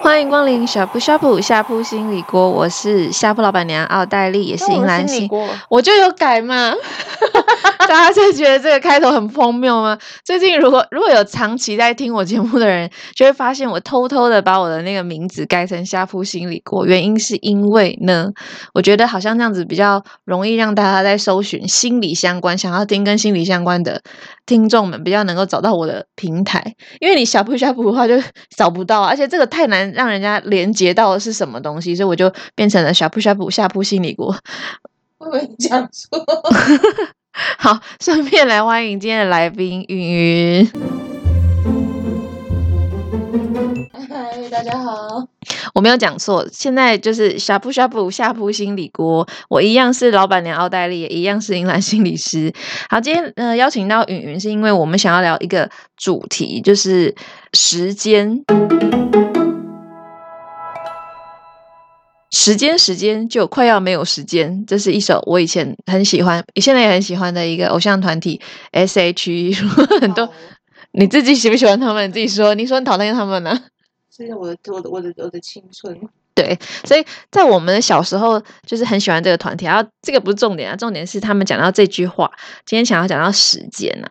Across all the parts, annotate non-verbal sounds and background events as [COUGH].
歡迎光臨呷哺呷哺，呷哺心理鍋，我是呷哺老闆娘奧黛莉，也是銀蘭星，我，我就有改嘛。 [LAUGHS] 大家是覺得這個開頭很荒謬嗎？最近如果如果有長期在聽我節目的人，就會發現我偷偷的把我的那個名字改成“呷哺心理鍋”。原因是因為呢，我覺得好像這樣子比較容易讓大家在搜尋心理相關，想要聽跟心理相關的聽眾們，比較能夠找到我的平台。因為你“呷哺呷哺”的話就找不到，而且這個太難讓人家連接到的是什麼東西，所以我就變成了“呷哺呷哺呷哺心理鍋”。會不會講錯？好，順便來歡迎今天的來賓芸芸。嗨，芸芸 Hi, 大家好，我沒有講錯，現在就是呷哺呷哺呷哺心理鍋，我一樣是老板娘奧黛莉，也一樣是英蘭心理師。好，今天呃邀請到芸芸是因為我們想要聊一個主題，就是時間。時間，時間就快要沒有時間。這是一首我以前很喜歡，現在也很喜歡的一個偶像團體 S.H.E。SH, 很多、oh. 你自己喜不喜歡他們？你自己說，你說你討厭他們呢、啊？這是我的，我的，我的，我的青春。對，所以在我們小時候就是很喜歡這個團體。然後這個不是重點啊，重點是他們講到這句話。今天想要講到時間吶、啊。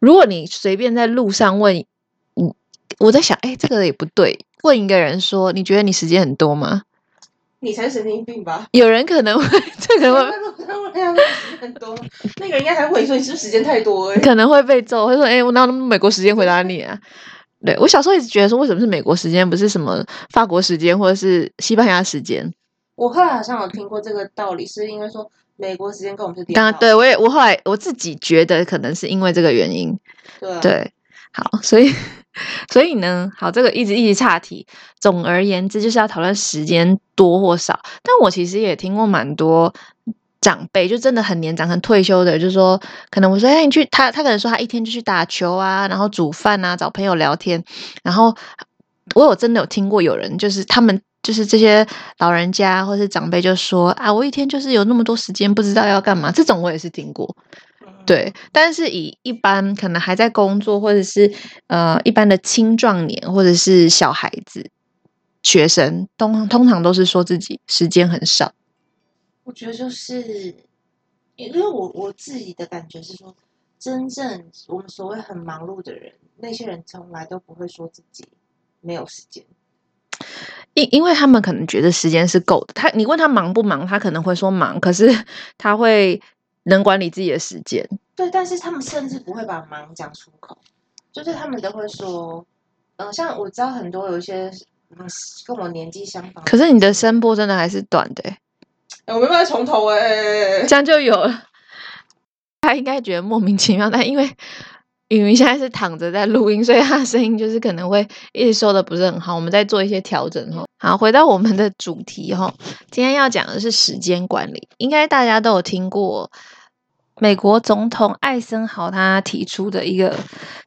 如果你隨便在路上問，嗯，我在想，哎，這個也不對。問一個人說，你覺得你時間很多嗎？你才神經病，病吧！有人可能會這個會，那個多，那個人家該還會說，你是不是時間太多可能會被揍。會說誒、欸、我哪有那麼多美國時間回答你啊？對，對我小時候一直覺得說，為什麼是美國時間，不是什麼法國時間或者是西班牙時間？我後來好像有聽過這個道理，是因為說美國時間跟我們是剛剛、啊、對我也我後來我自己覺得可能是因為這個原因。對，啊、對，好，所以。 [LAUGHS] 所以呢，好，這個一直一直岔題。總而言之，就是要討論時間多或少。但我其實也聽過蠻多長輩，就真的很年長、很退休的，就說可能我說哎，你、欸、去他，他可能說他一天就去打球啊，然後煮飯啊，找朋友聊天。然後我有真的有聽過有人，就是他們就是這些老人家或是長輩，就說啊，我一天就是有那麼多時間，不知道要幹嘛。這種我也是聽過。對，但是以一般可能還在工作，或者是呃一般的青壯年，或者是小孩子、學生，通通常都是說自己時間很少。我覺得就是，因為我我自己的感覺是說，真正我們所謂很忙碌的人，那些人從來都不會說自己沒有時間。因因為他們可能覺得時間是夠的。他你問他忙不忙，他可能會說忙，可是他會。能管理自己的時間，對，但是他們甚至不會把忙講出口，就是他們都會說，嗯、呃，像我知道很多有一些、嗯、跟我年紀相仿，可是你的聲波真的還是短的、欸，哎、欸，我沒辦法從頭哎、欸，這樣就有了。他應該覺得莫名其妙，但因為芸芸現在是躺着在錄音，所以他的聲音就是可能會一直收的不是很好，我們在做一些調整哈。嗯、好，回到我們的主題哈，今天要講的是時間管理，應該大家都有聽過。美國總統艾森豪他提出的一個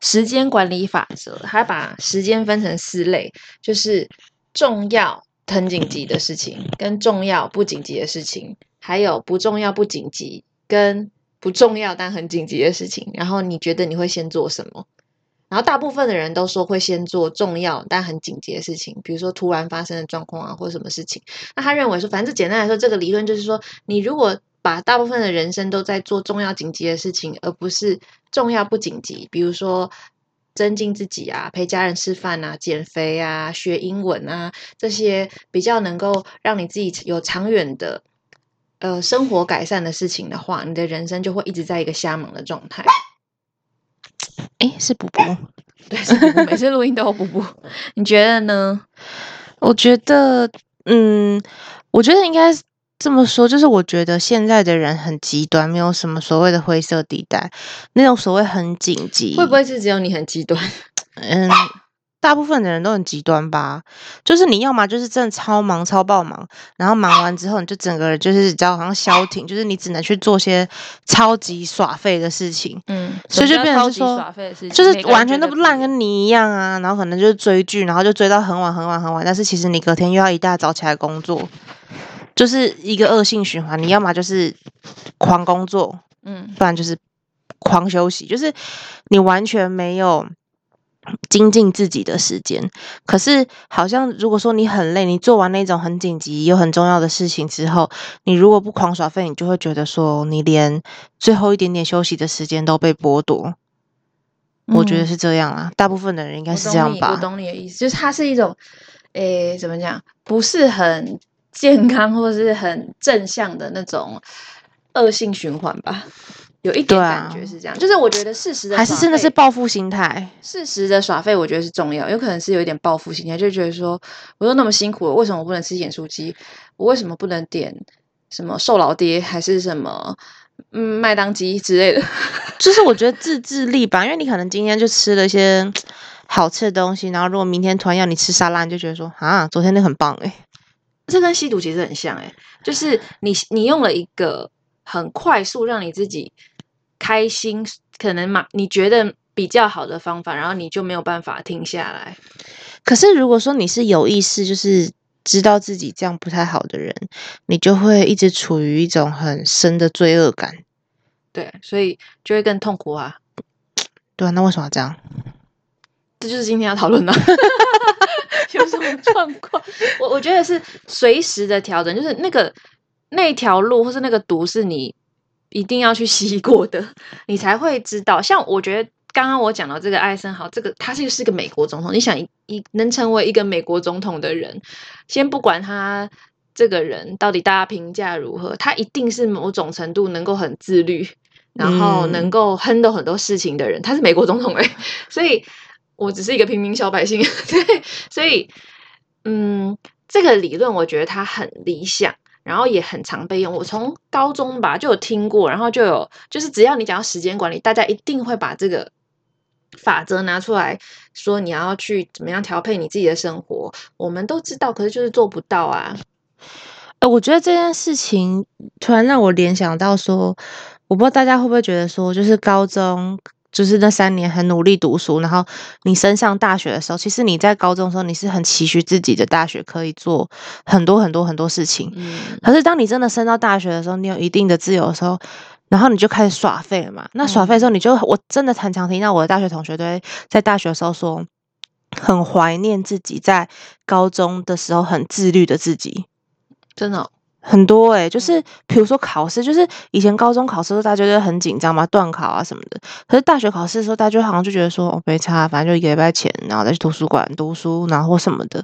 時間管理法則，他把時間分成四類，就是重要、很緊急的事情，跟重要不緊急的事情，還有不重要不緊急，跟不重要但很緊急的事情。然後你覺得你會先做什麼？然後大部分的人都說會先做重要但很緊急的事情，比如說突然發生的狀況啊，或什麼事情。那他認為說，反正簡單來說，這個理論就是說，你如果。把大部分的人生都在做重要緊急的事情，而不是重要不緊急，比如說增進自己啊、陪家人吃飯啊、減肥啊、學英文啊這些比較能夠讓你自己有長遠的呃生活改善的事情的話，你的人生就會一直在一個瞎忙的狀態。哎、欸，是補補，對，是哺哺 [LAUGHS] 每次錄音都有補補。你覺得呢？我覺得，嗯，我覺得應該是。這麼說，就是我覺得現在的人很極端，沒有什麼所謂的灰色地帶。那種所謂很緊急，會不會是只有你很極端？嗯，大部分的人都很極端吧。就是你要麼就是真的超忙超爆忙，然後忙完之後你就整個人就是只要好像消停，就是你只能去做些超級耍廢的事情。嗯，所以就變成說、嗯、耍廢的事情，就是完全都不爛跟你一樣啊。然後可能就是追劇，然後就追到很晚很晚很晚，但是其實你隔天又要一大早起來工作。就是一個惡性循環，你要麼就是狂工作，嗯，不然就是狂休息，就是你完全沒有精進自己的時間。可是，好像如果說你很累，你做完那種很緊急又很重要的事情之後，你如果不狂耍廢，你就會覺得說你連最後一點點休息的時間都被剝奪。嗯。我覺得是這樣啊，大部分的人應該是這樣吧。我懂，我懂你的意思，就是它是一種，誒，怎麼講，不是很。健康或是很正向的那種惡性循環吧，有一點感覺是這樣。啊、就是我覺得事實的還是真的是報復心態。事實的耍廢，我覺得是重要，有可能是有一點報復心態，就覺得說，我都那麼辛苦了，為什麼我不能吃鹽酥雞？我為什麼不能點什麼瘦老爹還是什麼麥當雞之類的？就是我覺得自制力吧， [LAUGHS] 因為你可能今天就吃了一些好吃的東西，然後如果明天突然要你吃沙拉，你就覺得說啊，昨天那很棒誒、欸。這跟吸毒其實很像、欸，誒就是你你用了一個很快速讓你自己開心，可能嘛你覺得比較好的方法，然後你就沒有辦法停下來。可是如果說你是有意識，就是知道自己這樣不太好的人，你就會一直處於一種很深的罪惡感。對，所以就會更痛苦啊。對啊，那為什麼這樣？這就是今天要討論的。 [LAUGHS] [LAUGHS] 有什麼狀況？我我覺得是隨時的調整，就是那個那條路，或是那個毒，是你一定要去吸過的，你才會知道。像我覺得剛剛我講到這個艾森豪，這個他就是一個美國總統。你想，一能成為一個美國總統的人，先不管他這個人到底大家評價如何，他一定是某種程度能夠很自律，然後能夠 handle 很多事情的人。嗯、他是美國總統、欸、所以。我只是一個平民小百姓，對，所以，嗯，這個理論我覺得它很理想，然後也很常被用。我從高中吧就有聽過，然後就有，就是只要你講到時間管理，大家一定會把這個法則拿出來說，你要去怎麼樣調配你自己的生活。我們都知道，可是就是做不到啊。哎、呃，我覺得這件事情突然讓我聯想到說，我不知道大家會不會覺得說，就是高中。就是那三年很努力讀書，然後你升上大學的時候，其實你在高中的時候你是很期許自己的大學可以做很多很多很多事情。嗯、可是當你真的升到大學的時候，你有一定的自由的時候，然後你就開始耍廢了嘛。那耍廢的時候，你就、嗯、我真的很常聽到我的大學同學對在大學的時候說，很懷念自己在高中的時候很自律的自己，真的。很多誒、欸、就是比如說考試，就是以前高中考試的時候大家就很緊張嘛，段考啊什麼的。可是大學考試的時候，大家就好像就覺得說，哦，沒差，反正就一禮拜前，然後再去圖書館讀書，然後什麼的。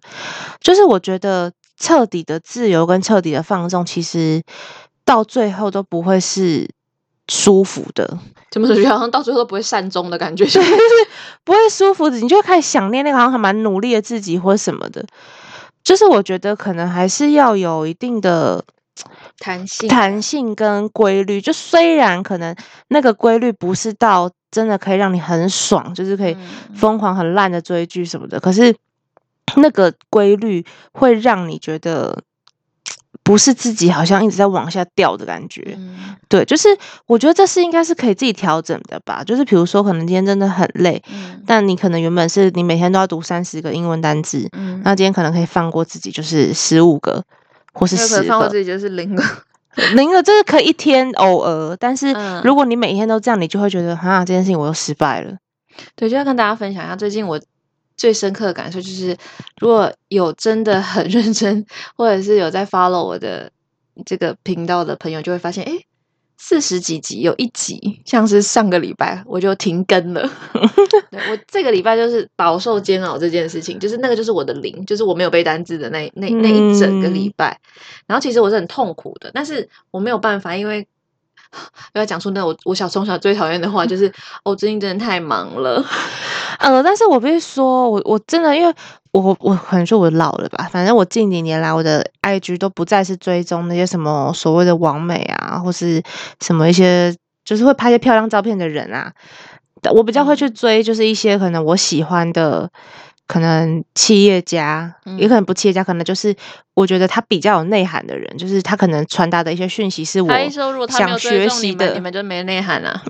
就是我覺得徹底的自由跟徹底的放縱，其實到最後都不會是舒服的。怎麼說？好像到最後都不會善終的感覺， [LAUGHS] 就是不會舒服的，你就開始想念那個好像還蠻努力的自己，或什麼的。就是我覺得可能還是要有一定的彈性，彈性跟規律。就雖然可能那個規律不是到真的可以讓你很爽，就是可以瘋狂很爛的追劇什麼的，可是那個規律會讓你覺得。不是自己好像一直在往下掉的感覺，嗯、對，就是我覺得這是應該是可以自己調整的吧。就是比如說，可能今天真的很累，嗯、但你可能原本是你每天都要讀三十個英文單詞，嗯、那今天可能可以放過自己，就是十五個，或是十個，可以放過自己就是零個，零個這個、就是、可以一天偶爾。 [LAUGHS] 但是如果你每天都這樣，你就會覺得啊，這件事情我又失敗了、嗯。對，就要跟大家分享一下最近我。最深刻的感受就是，如果有真的很認真，或者是，有在 follow 我的這個頻道的朋友，就會發現，誒、欸，四十幾集有一集，像是上個禮拜我就停更了。 [LAUGHS] 對，我這個禮拜就是飽受煎熬，這件事情就是那個就是我的零，就是我沒有背單字的那那那一整個禮拜。嗯、然後其實我是很痛苦的，但是我沒有辦法，因為。要講出那我我小從小最討厭的話，就是 [LAUGHS] 哦，最近真的太忙了。呃，但是我不是說，我我真的，因為我我，我可能說我老了吧，反正我近幾年來，我的 I G 都不再是追蹤那些什麼所謂的網美啊，或是什麼一些，就是會拍些漂亮照片的人啊。我比較會去追，就是一些可能我喜歡的、嗯。可能企業家，也可能不企業家，嗯、可能就是我覺得他比較有內涵的人，就是他可能傳達的一些訊息是我想學習的，你們， [LAUGHS] 你們就沒內涵啊？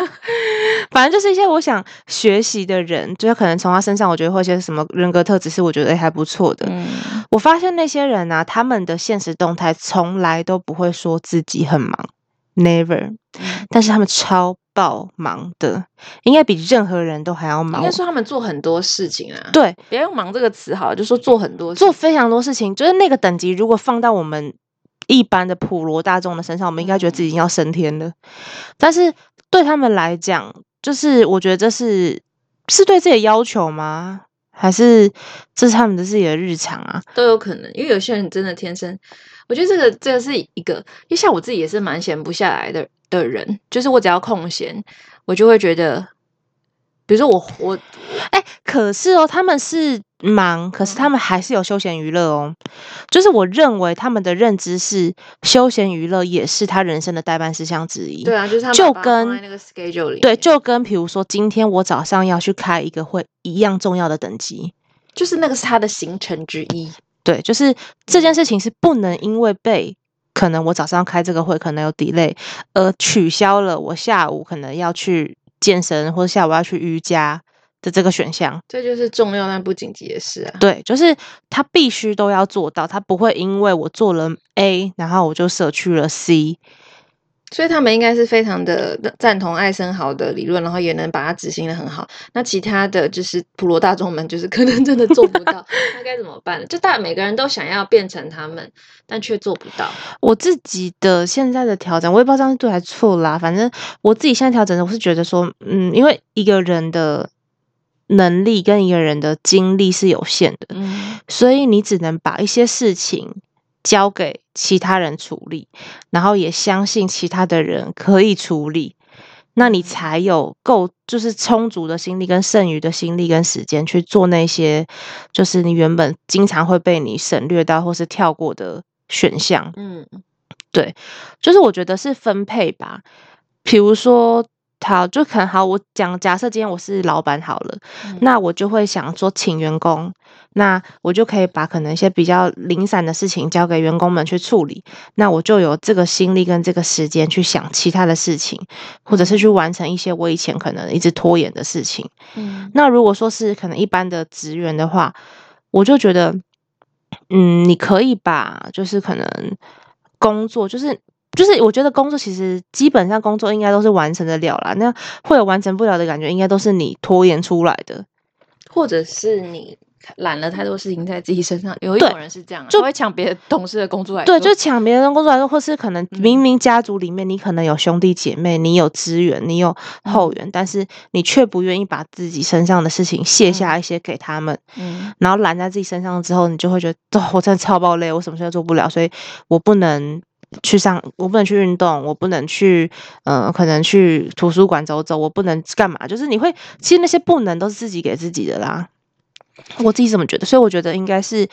[LAUGHS] 反正就是一些我想學習的人，就是可能從他身上，我覺得或一些什麼人格特質是我覺得還不錯的。嗯、我發現那些人啊，他們的限時動態從來都不會說自己很忙，never，、嗯、但是他們超。爆忙的，應該比任何人都還要忙。應該說他們做很多事情啊，對，別用“忙”這個詞好了，就說做很多，做非常多事情。就是那個等級，如果放到我們一般的普羅大眾的身上，我們應該覺得自己要升天了。嗯，但是對他們來講，就是我覺得這是是對自己的要求嗎？還是這是他們的自己的日常啊，都有可能，因為有些人真的天生，我覺得這個這個是一個，因為像我自己也是蠻閒不下來的的人，就是我只要空閒，我就會覺得。比如說我我，哎、欸，可是哦，他們是忙，可是他們還是有休閒娛樂哦。嗯、就是我認為他們的認知是，休閒娛樂也是他人生的待辦事項之一。對啊，就是他爸爸就跟在那個 schedule 裡，對，就跟比如說今天我早上要去開一個會一樣重要的等級，就是那個是他的行程之一。對，就是這件事情是不能因為被可能我早上開這個會可能有 delay 而取消了，我下午可能要去。健身或者下午要去瑜伽的這個選項，這就是重要但不緊急的事啊。對，就是他必須都要做到，他不會因為我做了 A，然後我就捨去了 C。所以他們應該是非常的贊同艾森豪的理論，然後也能把它執行的很好。那其他的就是普羅大眾們，就是可能真的做不到，那該 [LAUGHS] 怎麼辦呢？就大概每個人都想要變成他們，但卻做不到。我自己的現在的調整，我也不知道這樣對還是錯啦。反正我自己現在調整的，我是覺得說，嗯，因為一個人的能力跟一個人的精力是有限的，嗯，所以你只能把一些事情。交給其他人處理，然後也相信其他的人可以處理，那你才有夠就是充足的心力跟剩餘的心力跟時間去做那些就是你原本經常會被你省略到或是跳過的選項。嗯，對，就是我覺得是分配吧，譬如說。好，就可能好。我講，假設今天我是老闆好了，嗯，那我就會想說，請員工，那我就可以把可能一些比較零散的事情交給員工們去處理。那我就有這個心力跟這個時間去想其他的事情，或者是去完成一些我以前可能一直拖延的事情。嗯，那如果說是可能一般的職員的話，我就覺得，嗯，你可以把就是可能工作就是。就是我覺得工作其實基本上工作應該都是完成的了啦，那會有完成不了的感覺，應該都是你拖延出來的，或者是你攬了太多事情在自己身上。對有一種人是這樣，啊，就會搶別的同事的工作來說，對，就搶別人的工作來說，或是可能明明家族裡面你可能有兄弟姐妹，嗯、你有資源，你有後援，嗯、但是你卻不願意把自己身上的事情卸下一些給他們，嗯嗯、然後攬在自己身上之後，你就會覺得，嗯哦、我真的超爆累，我什麼事都做不了，所以我不能。去上我不能去運動，我不能去，呃，可能去圖書館走走，我不能幹嘛？就是你會，其實那些不能都是自己給自己的啦。我自己怎麼覺得，所以我覺得應該是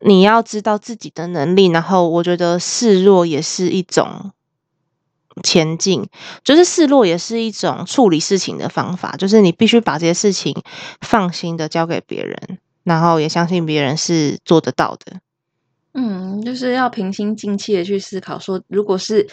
你要知道自己的能力，然後我覺得示弱也是一種前進，就是示弱也是一種處理事情的方法，就是你必須把這些事情放心的交給別人，然後也相信別人是做得到的。嗯，就是要平心靜氣的去思考，說，如果是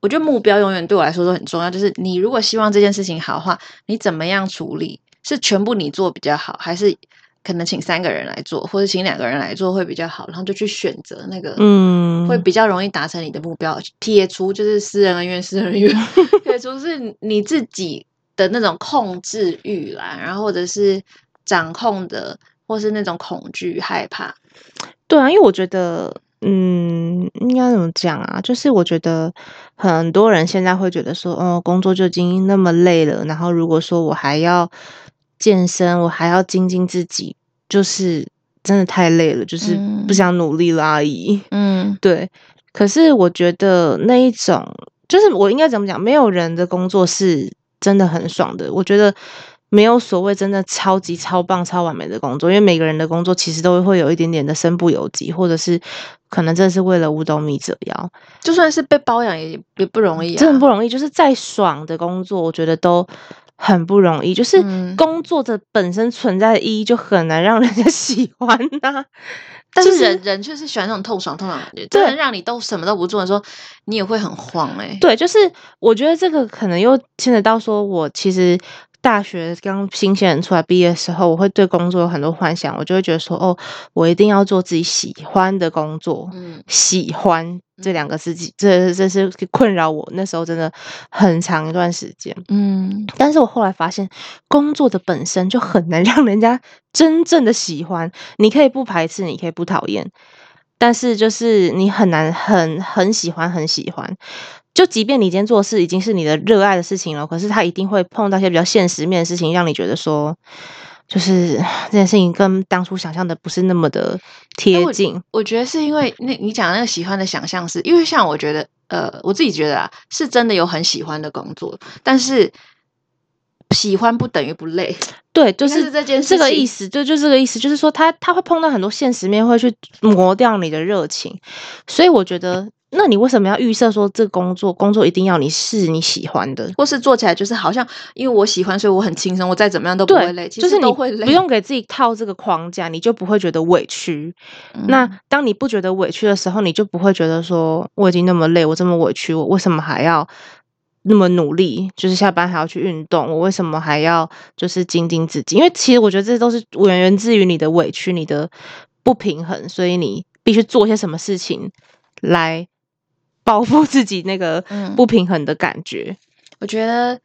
我覺得目標永遠對我來說都很重要，就是你如果希望這件事情好的話，你怎麼樣處理，是全部你做比較好，還是可能請三個人來做，或者請兩個人來做會比較好，然後就去選擇那個嗯，會比較容易達成你的目標，嗯、撇除就是私人恩怨，私人恩怨， [LAUGHS] 撇除是你自己的那種控制慾啦，然後或者是掌控的，或是那種恐懼害怕。對啊，因為我覺得，嗯，應該怎麼講啊？就是我覺得很多人現在會覺得說，哦，工作就已經那麼累了，然後如果說我還要健身，我還要精進自己，就是真的太累了，就是不想努力了而已。嗯，對。嗯、可是我覺得那一種，就是我應該怎麼講？沒有人的工作是真的很爽的。我覺得。沒有所謂真的超級超棒超完美的工作，因為每個人的工作其實都會有一點點的身不由己，或者是可能真的是為了五斗米折腰。就算是被包養也也不容易，啊嗯，真的不容易。就是再爽的工作，我覺得都很不容易。就是工作的本身存在的意義就很難讓人家喜歡啊。嗯、但是人人卻是喜歡那種透爽透爽，這能對讓你都什麼都不做，的時候，你也會很慌，誒、欸、對，就是我覺得這個可能又牽扯到說我其實。大學剛新鮮人出來畢業的時候，我會對工作有很多幻想，我就會覺得說：“哦，我一定要做自己喜歡的工作。”嗯，喜歡這兩個字，字這這是困擾我，那時候真的很長一段時間。嗯，但是我後來發現，工作的本身就很難讓人家真正的喜歡。你可以不排斥，你可以不討厭。但是就是你很難很很喜歡很喜歡，就即便你今天做事已經是你的熱愛的事情了，可是他一定會碰到一些比較現實面的事情，讓你覺得說，就是這件事情跟當初想象的不是那麼的貼近。我，我覺得是因為那你講那個喜歡的想象是，是因為像我覺得，呃，我自己覺得啊，是真的有很喜歡的工作，但是。喜歡不等於不累，對，就是，是這件事這個意思，就就這個意思，就是說他他會碰到很多現實面，會去磨掉你的熱情。所以我覺得，那你為什麼要預設說這工作工作一定要你是你喜歡的，或是做起來就是好像因為我喜歡，所以我很輕鬆，我再怎麼樣都不會累，對就是你不用給自己套這個框架，你就不會覺得委屈。嗯。那當你不覺得委屈的時候，你就不會覺得說我已經那麼累，我這麼委屈，我為什麼還要？那麼努力，就是下班還要去運動，我為什麼還要就是精進自己？因為其實我覺得這些都是源源自於你的委屈、你的不平衡，所以你必須做些什麼事情來報復自己那個不平衡的感覺。嗯。我覺得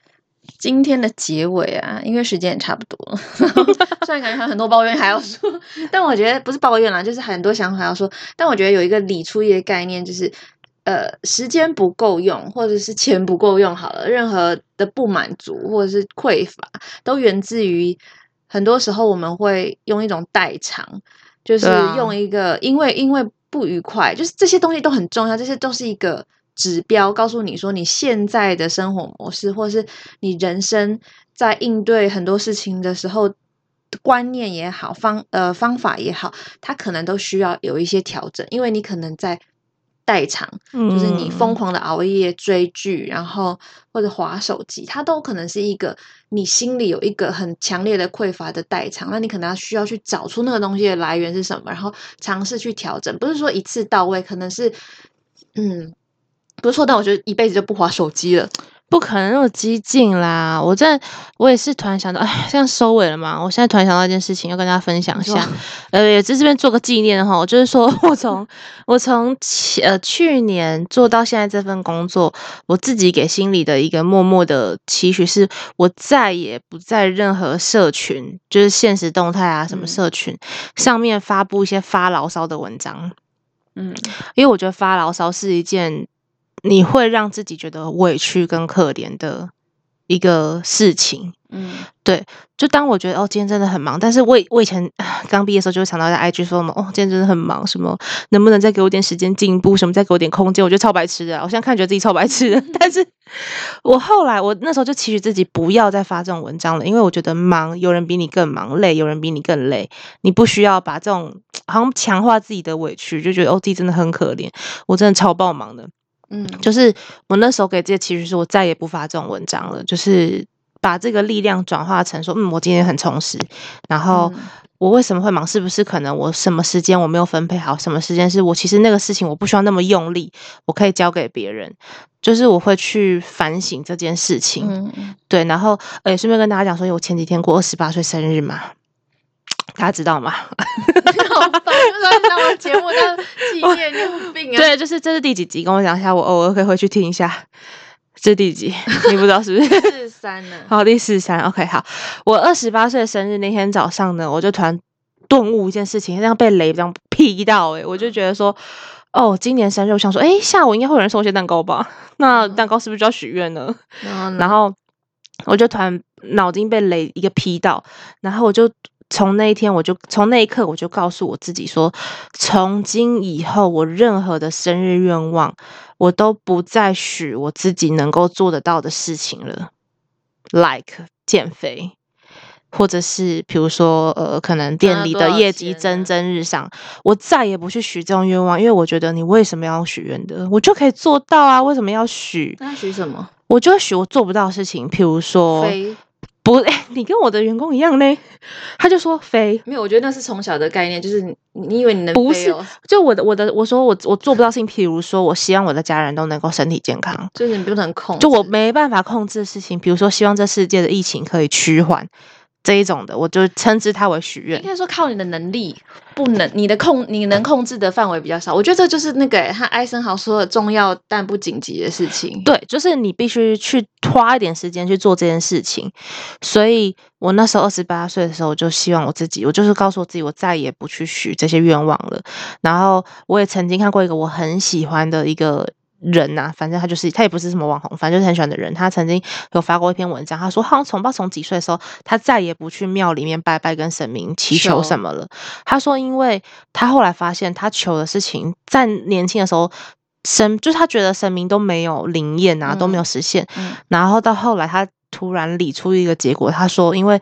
今天的結尾啊，因為時間也差不多了， [LAUGHS] 雖然感覺還有很多抱怨還要說， [LAUGHS] 但我覺得不是抱怨啦，就是很多想法要說。但我覺得有一個理出一些概念，就是。呃，時間不夠用，或者是錢不夠用，好了，任何的不滿足或者是匱乏，都源自於很多時候我們會用一種代償，就是用一個因為，嗯，因為，因為不愉快，就是這些東西都很重要，這些都是一個指標，告訴你說你現在的生活模式，或是你人生在應對很多事情的時候，觀念也好，方，呃，方法也好，它可能都需要有一些調整，因為你可能在。代償，就是你瘋狂的熬夜追劇，然後或者滑手機，它都可能是一個你心裡有一個很強烈的匱乏的代償。那你可能要需要去找出那個東西的來源是什麼，然後嘗試去調整。不是說一次到位，可能是，嗯，不錯，但我覺得一輩子就不滑手機了。不可能那麼激進啦！我在，我也是突然想到，哎，現在收尾了嘛？我現在突然想到一件事情，要跟大家分享一下，嗯、呃，也在這邊做個紀念哈。就是說我從 [LAUGHS] 我從前呃去年做到現在這份工作，我自己給心裡的一個默默的期許是，我再也不在任何社群，就是限時動態啊什麼社群、嗯、上面發布一些發牢騷的文章。嗯，因為我覺得發牢騷是一件。你會讓自己覺得委屈跟可憐的一個事情，嗯，對。就當我覺得哦，今天真的很忙，但是我我以前剛畢業的時候就會想到在 IG 說嘛，哦，今天真的很忙，什麼能不能再給我點時間進步，什麼再給我點空間，我覺得超白痴的、啊。我現在看覺得自己超白痴， [LAUGHS] 但是我後來我那時候就期許自己不要再發這種文章了，因為我覺得忙，有人比你更忙，累有人比你更累，你不需要把這種好像強化自己的委屈，就覺得哦，自己真的很可憐，我真的超爆忙的。嗯，就是我那時候給自己期許是我再也不發這種文章了。就是把這個力量轉化成說，嗯，我今天很充實。然後我為什麼會忙？是不是可能我什麼時間我沒有分配好？什麼時間是我其實那個事情我不需要那麼用力，我可以交給別人。就是我會去反省這件事情，嗯、對。然後，誒、欸、順便跟大家講說、欸，我前幾天過二十八歲生日嘛。他知道嗎？好棒！ [LAUGHS] 就是要節目叫《紀念 [LAUGHS] 病》啊。對，就是這是第幾集？跟我講一下，我偶爾可以回去聽一下。這是第幾集？你不知道是不是？ [LAUGHS] 第四三呢、啊？好，第四三。OK，好。我二十八歲生日那天早上呢，我就突然頓悟一件事情，這樣被雷這樣劈到誒、欸嗯、我就覺得說，哦，今年生日我想說，哎、欸，下午應該會有人送些蛋糕吧？那蛋糕是不是就要許願呢？嗯、然後然後我就突然腦筋被雷一個劈到，然後我就。從那一天，我就從那一刻，我就告訴我自己說：從今以後，我任何的生日願望，我都不再許我自己能夠做得到的事情了，Like 減肥，或者是比如說呃，可能店裡的業績蒸蒸日上，我再也不去許這種願望，因為我覺得你為什麼要許願的？我就可以做到啊，為什麼要許？那許什麼？我就許我做不到的事情，譬如說。不，哎、欸，你跟我的員工一樣嘞。他就說飛，沒有，我覺得那是從小的概念，就是你，以為你能飛、哦、不是，就我的，我的，我說我我做不到性，譬如說我希望我的家人都能夠身體健康，就是你不能控制，就我沒辦法控制的事情，比如說希望這世界的疫情可以趨緩這一種的，我就稱之它為許願。應該說靠你的能力不能，你的控你能控制的範圍比較少。我覺得這就是那個、欸、他艾森豪說的重要但不緊急的事情。對，就是你必須去。花一點時間去做這件事情，所以我那時候二十八歲的時候，我就希望我自己，我就是告訴我自己，我再也不去許這些願望了。然後我也曾經看過一個我很喜歡的一個人吶、啊，反正他就是他也不是什麼網紅，反正就是很喜歡的人。他曾經有發過一篇文章，他說好像從不知道從幾歲的時候，他再也不去廟裡面拜拜跟神明祈求什麼了。求他說，因為他後來發現，他求的事情在年輕的時候。神就他覺得神明都沒有靈驗啊，嗯、都沒有實現。嗯、然後到後來他突然理出一個結果，他說，因為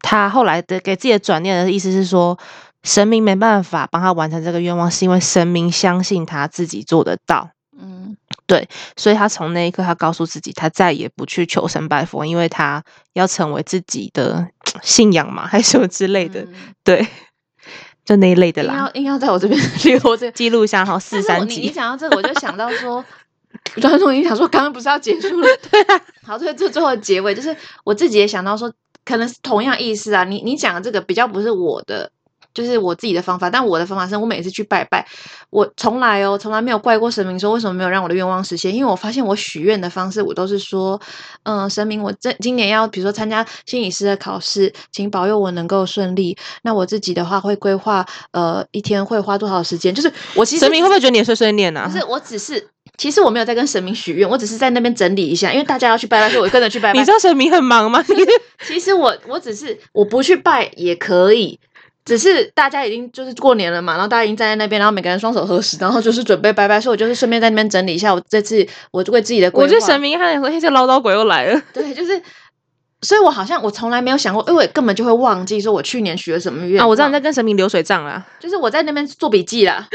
他後來的給自己的轉念的意思是說，神明沒辦法幫他完成這個願望，是因為神明相信他自己做得到。嗯，對，所以他從那一刻他告訴自己，他再也不去求神拜佛，因為他要成為自己的信仰嘛，還是什麼之類的。嗯、對。就那一類的啦，硬要硬要在我這邊留這記錄一下哈，四三集。你你講到這個，我就想到說，莊總 [LAUGHS] 你講說剛剛不是要結束了 [LAUGHS] 對啊。好，所以這這最後結尾，就是我自己也想到說，可能是同樣意思啊。你你講的這個比較不是我的。就是我自己的方法，但我的方法是我每次去拜拜，我從來哦從來沒有怪過神明說為什麼沒有讓我的願望實現，因為我發現我許願的方式我都是說，嗯，神明我，我這今年要比如說參加心理師的考試，請保佑我能夠順利。那我自己的話會規劃，呃，一天會花多少時間？就是我其實神明會不會覺得你碎碎念呢、啊？不是，我只是其實我沒有在跟神明許願，我只是在那邊整理一下，因為大家要去拜拜，所以我跟着去拜拜。 [LAUGHS] 你知道神明很忙嗎？ [LAUGHS] [LAUGHS] 其實我我只是我不去拜也可以。只是大家已經就是過年了嘛，然後大家已經站在那邊，然後每個人雙手合十，然後就是準備拜拜。所以，我就是順便在那邊整理一下，我這次我為自己的。我就神明和看，說：“嘿，這嘮叨鬼又來了。”對，就是。所以我好像我從來沒有想過，因為根本就會忘記說我去年許了什麼願啊！我知道你在跟神明流水賬啦，就是我在那邊做筆記啦， [LAUGHS]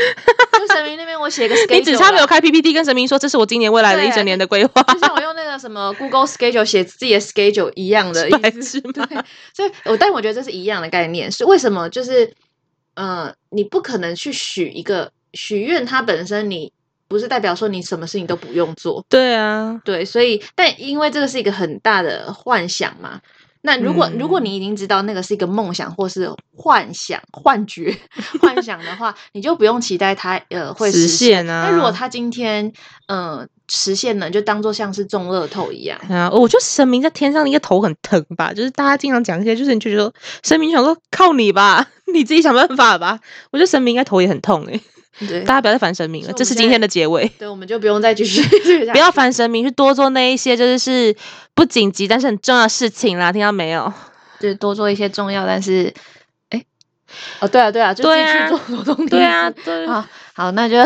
就神明那邊我寫個 schedule， [LAUGHS] 你只差沒有開 PPT 跟神明說，這是我今年未來的一整年的規劃，就像我用那個什麼 Google Schedule 寫自己的 schedule 一樣的，是白痴嗎？對。所以，我但我覺得這是一樣的概念，是為什麼？就是嗯、呃，你不可能去許一個許願，它本身你。不是代表說你什麼事情都不用做，對啊，對，所以，但因為這個是一個很大的幻想嘛，那如果、嗯、如果你已經知道那個是一個夢想或是幻想、幻覺、幻想的話， [LAUGHS] 你就不用期待它呃會實現啊。那如果他今天嗯、呃、實現了，就當做像是中樂透一樣啊。我覺得神明在天上應該頭很疼吧，就是大家經常講一些，就是你就覺得說神明想說靠你吧，你自己想辦法吧。我覺得神明應該頭也很痛、欸對，大家不要再煩神明了，這是今天的結尾。對，我們就不用再繼續，繼續 [LAUGHS] 不要煩神明，去多做那一些，就是是不緊急但是很重要的事情啦，聽到沒有？就多做一些重要但是，哎、欸，哦，對啊，對啊，就繼續做做對啊對啊， [LAUGHS] 對啊對好，好，那就。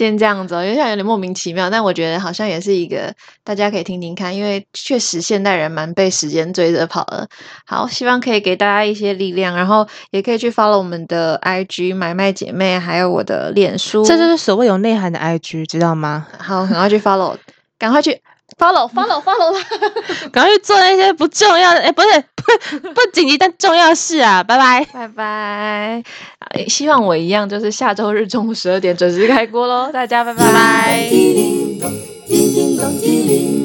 先這樣子喔，因為現在有點莫名其妙，但我覺得好像也是一個大家可以聽聽看，因為確實現代人蠻被時間追着跑了。好，希望可以給大家一些力量，然後也可以去 follow 我們的 IG 買賣姐妹，還有我的臉書，這就是所謂有內涵的 IG，知道嗎？好，趕快去 follow，趕 [LAUGHS] 快去。follow follow follow，趕、嗯、 [LAUGHS] 快去做那些不重要的，哎、欸，不是不不緊急但重要的事啊，拜拜拜拜！希望我一樣，就是下周日中午十二點準時開鍋嘍， [LAUGHS] 大家拜拜拜拜。Bye bye